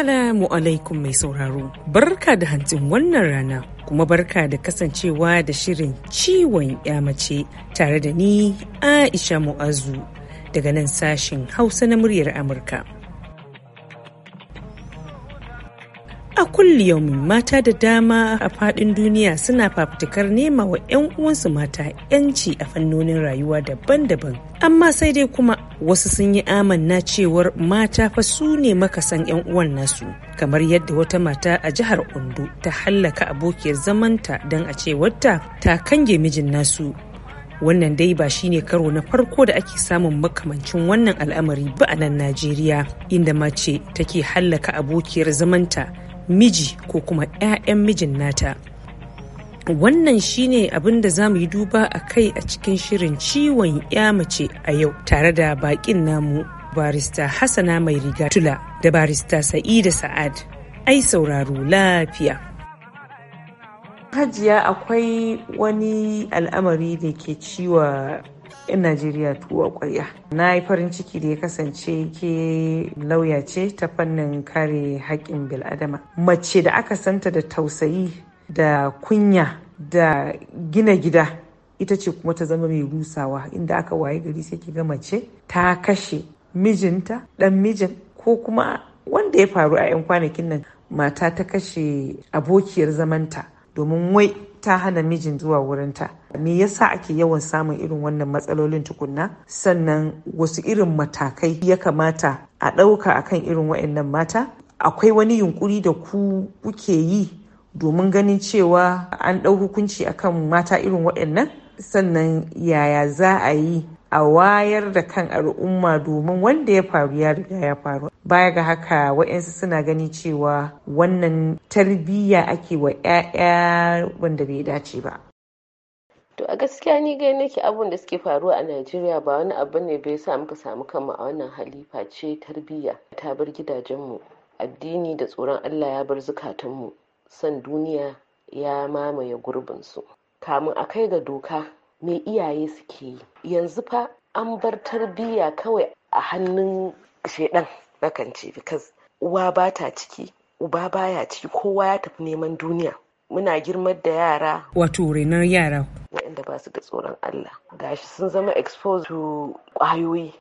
Assalamu alaikum mai sauraro, barka da hantsin wannan rana kuma barka da kasancewa da shirin ciwon mace tare da ni Aisha Mu'azu daga nan sashin Hausa na muryar Amurka. a kulli yaumin mata da dama a fadin duniya suna fafutukar nema wa 'yan uwansu mata 'yanci a fannonin rayuwa daban-daban amma sai dai kuma wasu sun yi amanna cewar mata fa su ne makasan 'yan uwan nasu kamar yadda wata mata a jihar ondo ta hallaka abokiyar zamanta don a cewarta ta kange mijin nasu wannan dai ba shi ne karo na farko da ake samun makamancin wannan al'amari ba a nan najeriya inda mace take hallaka abokiyar zamanta miji ko kuma 'ya'yan mijin nata wannan shine abin da za mu yi duba a kai a cikin shirin ciwon ya mace a yau tare da bakin namu barista hassana mai riga tula da barista sa'ida sa'ad ai sauraro lafiya hajiya akwai wani al'amari da ke ciwa 'yan Najeriya tuwa kwarya. Na yi farin ciki da ya kasance ke lauya ce ta fannin kare haƙƙin bil'adama. Mace da aka santa da tausayi da kunya da gina gida ita ce kuma ta zama mai rusawa inda aka waye gari sai ki ga mace ta kashe mijinta ɗan mijin ko kuma wanda ya faru a 'yan kwanakin nan mata ta kashe abokiyar zamanta domin wai ta hana mijin zuwa wurinta me yasa ake yawan samun irin wannan matsalolin tukunna sannan wasu irin matakai ya kamata a ɗauka akan irin wa'annan mata akwai wani yunkuri da ku kuke yi domin ganin cewa an ɗau hukunci akan mata irin waɗannan sannan yaya za a yi a wayar da kan al'umma domin wanda ya faru ya riga ya faru baya ga haka wa'yansu suna gani cewa wannan tarbiyya ake wa 'ya'ya wanda bai dace ba to a gaskiya ni gai nake abun da suke faruwa a najeriya ba wani abu ne bai sa muka samu kanmu a wannan halifa ce tarbiyya ta bar gidajenmu addini da tsoron allah ya bar zukatanmu san duniya ya mamaye gurbinsu kamun a kai ga doka me iyaye suke yi yanzu fa an bar tarbiyya kawai a hannun shaidan nakan ce because uwa ba ta ciki uba baya ciki kowa ya tafi neman duniya muna girmar da yara wato renar yara waɗanda ba su da tsoron Allah gashi sun zama exposed to ƙwayoyi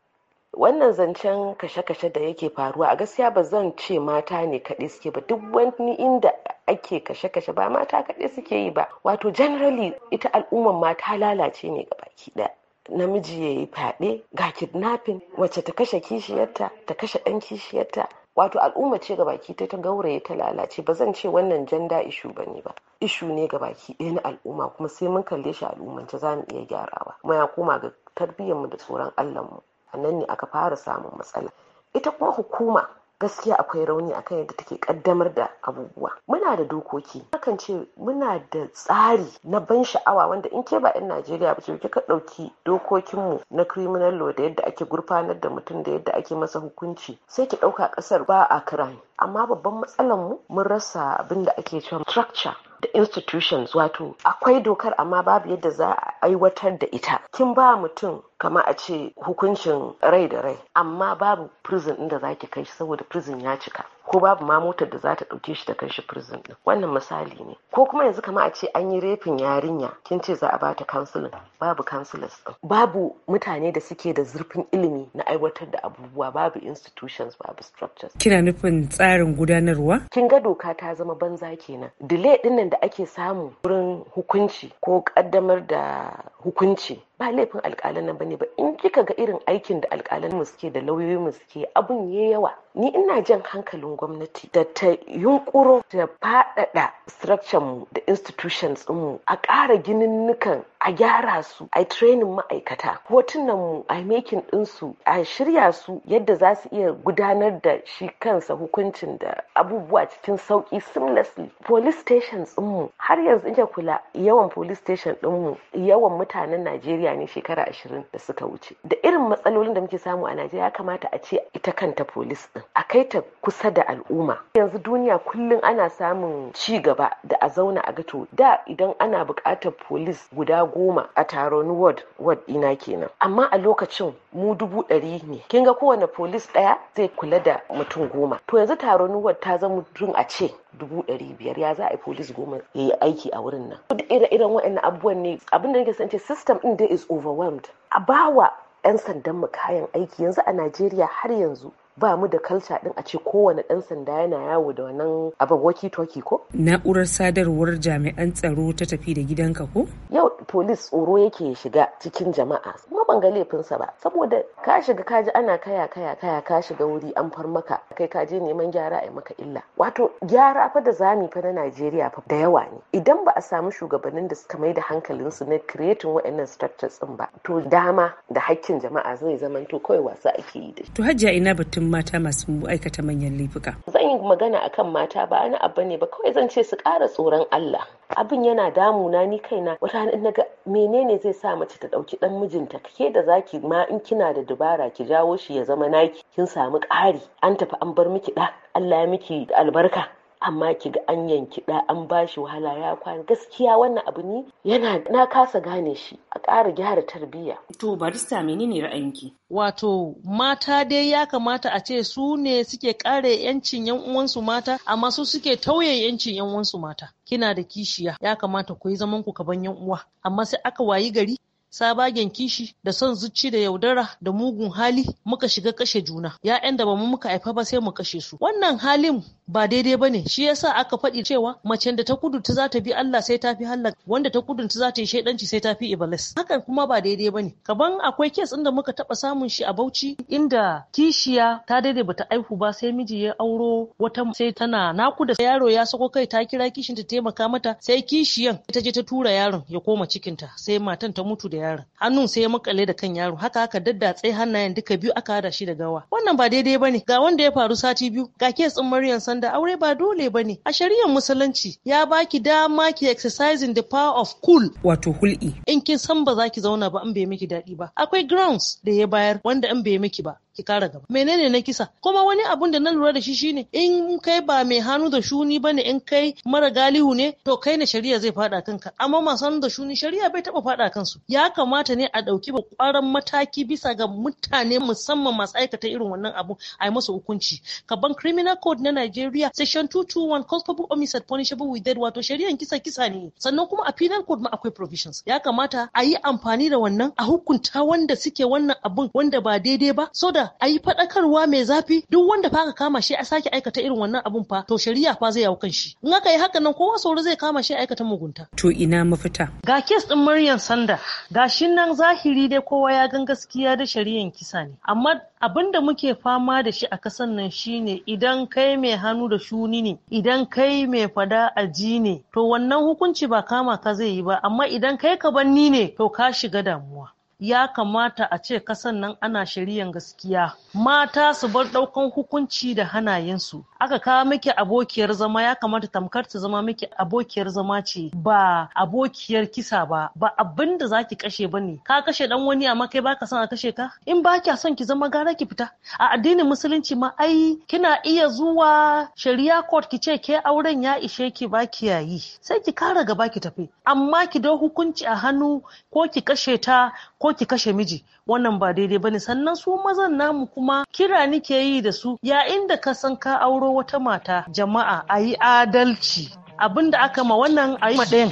wannan zancen kashe-kashe da yake faruwa a gaskiya ba zan ce mata ne kaɗai suke ba duk wani inda ake kashe-kashe ba mata kaɗai suke yi ba wato generally ita al'umman mata lalace ne ga baki ɗaya namiji ya yi fyaɗe ga kidnapping wacce ta kashe kishiyarta ta kashe ɗan kishiyarta wato al'umma ce ga baki ta gauraye ta lalace ba zan ce wannan janda ishu ba ne ba ishu ne ga baki ɗaya na al'umma kuma sai mun kalle shi al'ummance za mu iya gyarawa mu ya koma ga tarbiyyarmu da tsoron allahnmu A nan ne aka fara samun matsala ita kuma hukuma gaskiya akwai rauni akan yadda take kaddamar da abubuwa muna da dokoki hakan ce muna da tsari na ban sha'awa wanda in ke ba 'yan najeriya ba ce kika ɗauki dokokinmu na criminal law da yadda ake gurfanar da mutum da yadda ake masa hukunci sai ki ɗauka ƙasar ba a crime amma babban matsalar mu mun rasa abin da ake cewa structure da institutions wato akwai dokar amma babu yadda za a aiwatar da ita kin ba mutum kama a ce hukuncin rai da rai amma babu prison inda ki kai saboda prison ya cika ko babu ma motar da za ta ɗauke shi ta kai shi prison ɗin wannan misali ne ko kuma yanzu kama a ce an yi refin yarinya kin ce za a bata counseling babu counselors ɗin babu mutane da suke da zurfin ilimi na aiwatar da abubuwa babu institutions babu structures kina nufin tsarin gudanarwa kin ga doka ta zama banza kenan delay ɗinnan da ake samu wurin hukunci ko ƙaddamar da hukunci ba laifin alƙalan nan bane ba in kika ga irin aikin da alƙalan mu suke da lauyoyin mu suke abun ya yawa ni ina jan hankalin gwamnati da ta yunkuro ta faɗaɗa structure mu da institutions mu a ƙara ginin nukan. a gyara su a training ma'aikata hotunan mu a making ɗinsu a shirya su yadda za su iya gudanar da shi kansa hukuncin da abubuwa cikin sauki seamlessly police stations mu har yanzu in kula yawan police station mu yawan mutanen najeriya ne shekara ashirin da suka wuce da irin matsalolin da muke samu a najeriya ya kamata a ce ita kanta police ɗin a kai ta kusa da al'umma yanzu duniya kullum ana samun ci gaba da a zauna a gato da idan ana bukatar police guda goma a taron ward ward ina kenan amma a lokacin mu dubu ɗari ne kin ga kowane polis ɗaya zai kula da mutum goma to yanzu taron ward ta zama mutum a ce dubu ɗari biyar ya za a yi polis goma ya yi aiki a wurin nan duk ire-iren waɗannan abubuwan ne abinda nake san ce system ɗin dai is overwhelmed a bawa 'yan sandan mu kayan aiki yanzu a najeriya har yanzu ba mu da kalca din a ce kowane ɗan sanda yana yawo da wannan abin waki toki ko? Na'urar sadarwar jami'an tsaro ta tafi da gidanka ko? Yau polis tsoro yake shiga cikin jama'a kuma ban ga laifinsa ba saboda ka shiga ka ji ana kaya kaya kaya ka shiga wuri an far maka kai ka je neman gyara a maka illa wato gyara fa da zami fa na Najeriya fa da yawa ne idan ba a samu shugabannin da suka mai da hankalin su na creating wa'annan structures din ba to dama da hakkin jama'a zai to kawai wasa ake yi da to hajjia ina batun mata masu aikata manyan laifuka zan yi magana akan mata ba ana Abba ne ba kawai zan ce su ƙara tsoron Allah abin yana damuna ni kaina wata na ga menene zai sa mace ta dauki dan mijinta ke da zaki ma in kina da dubara ki jawo shi ya zama naki kin samu ƙari an tafi an bar miki da Allah ya miki albarka amma ki ga an yanki da an bashi wahala ya kwana gaskiya wannan abu ne yana na kasa gane shi a ƙara gyara tarbiyya to barista menene ra'ayinki wato mata dai ya kamata a ce su ne suke kare yancin yan uwansu mata amma su suke tauye yancin yan uwansu mata kina da kishiya ya kamata ku yi zaman ku kaban yan uwa amma sai aka wayi gari sabagen kishi da son zuci da yaudara da mugun hali muka shiga kashe juna ya'yan da bamu muka haifa ba sai mu kashe su wannan halin ba daidai ba ne shi yasa aka faɗi cewa mace da ta kudu za ta bi Allah sai ta fi halak wanda ta kudu za ta yi shaidanci sai ta fi iblis hakan kuma ba daidai ba ne kaban akwai kes da muka taɓa samun shi a Bauchi inda kishiya ta daidai bata aihu ba sai miji ya auro wata sai tana nakuda yaro ya sako kai ta kira kishin ta taimaka mata sai kishiyan ta je ta tura yaron ya koma cikinta sai matan ta mutu da yaron hannun sai ya makale da kan yaro haka aka daddatse hannayen duka biyu aka hada shi da gawa wannan ba daidai bane ga wanda ya faru sati biyu ga kes tsin Maryam Sanda aure ba dole bane a shari'ar musulunci ya baki dama ki exercising the power of cool wato hul'i in kin san ba za ki zauna ba in bai miki daɗi ba akwai grounds da ya bayar wanda in bai miki ba ki kara gaba menene na kisa kuma wani abun da na lura da shi shine in kai ba mai hannu da shuni ne in kai mara galihu ne to kai na shari'a zai fada kanka amma masu hannu da shuni shari'a bai taba fada kansu ya kamata ne a dauki kwaran mataki bisa ga mutane musamman masu aikata irin wannan abu a yi masa hukunci kaban criminal code na Nigeria section 221 culpable homicide punishable with death wato shari'an kisa kisa ne sannan kuma a penal code ma akwai provisions ya kamata a yi amfani da wannan a hukunta wanda suke wannan abun wanda ba daidai ba so da a yi faɗakarwa mai zafi duk wanda fa aka kama shi a sake aikata irin wannan abun fa to shari'a fa zai yawo kan shi in aka yi haka nan kowa sauri zai kama shi aikata mugunta to ina mafita ga kes din Maryam Sanda gashin nan zahiri dai kowa ya gan gaskiya da shari'an kisa ne amma abin da muke fama da shi a kasan nan shine idan kai mai hannu da shuni ne idan kai mai fada a ji ne to wannan hukunci ba kama ka zai yi ba amma idan kai ka banni ne to ka shiga damuwa ya kamata a ce kasan nan ana shari'an gaskiya mata su bar daukan hukunci da hanayensu aka kawo miki abokiyar zama ya kamata tamkar ta zama miki abokiyar zama ce ba abokiyar kisa ba ba abin da zaki kashe ba ne ka kashe dan wani amma kai baka son a kashe ka in ba kya son ki zama gara ki fita a addinin musulunci ma ai kina iya zuwa shari'a court ki ce ke auren ya ishe ki ba ki yayi sai ki kara gaba ki tafi amma ki dau hukunci a hannu ko ki kashe ta ko ki kashe miji wannan ba daidai bane sannan su mazan namu kuma kira nike yi da su yayin da ka san ka auro wata mata jama'a a yi adalci abin da aka ma wannan a yi ɗayan.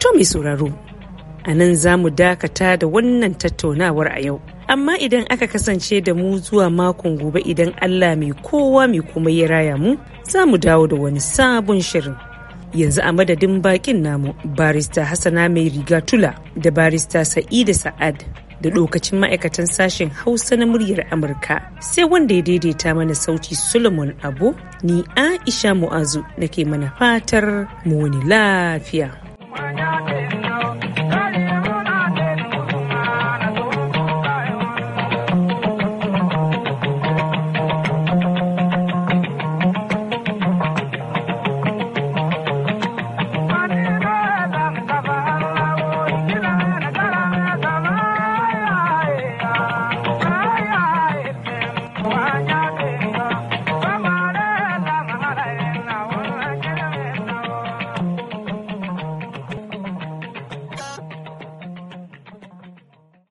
To mai sauraro, a nan za mu dakata da wannan tattaunawar a yau. Amma idan aka kasance da mu zuwa makon gobe idan Allah mai kowa mai kuma ya raya mu, za mu dawo da wani sabon shirin. yanzu a madadin bakin namu barista hassana mai riga tula da barista sa'ida sa'ad da lokacin ma'aikatan sashen hausa na muryar amurka sai wanda ya daidaita mana sauti solomon abu ni aisha mu'azu nake mana fatar mu wani lafiya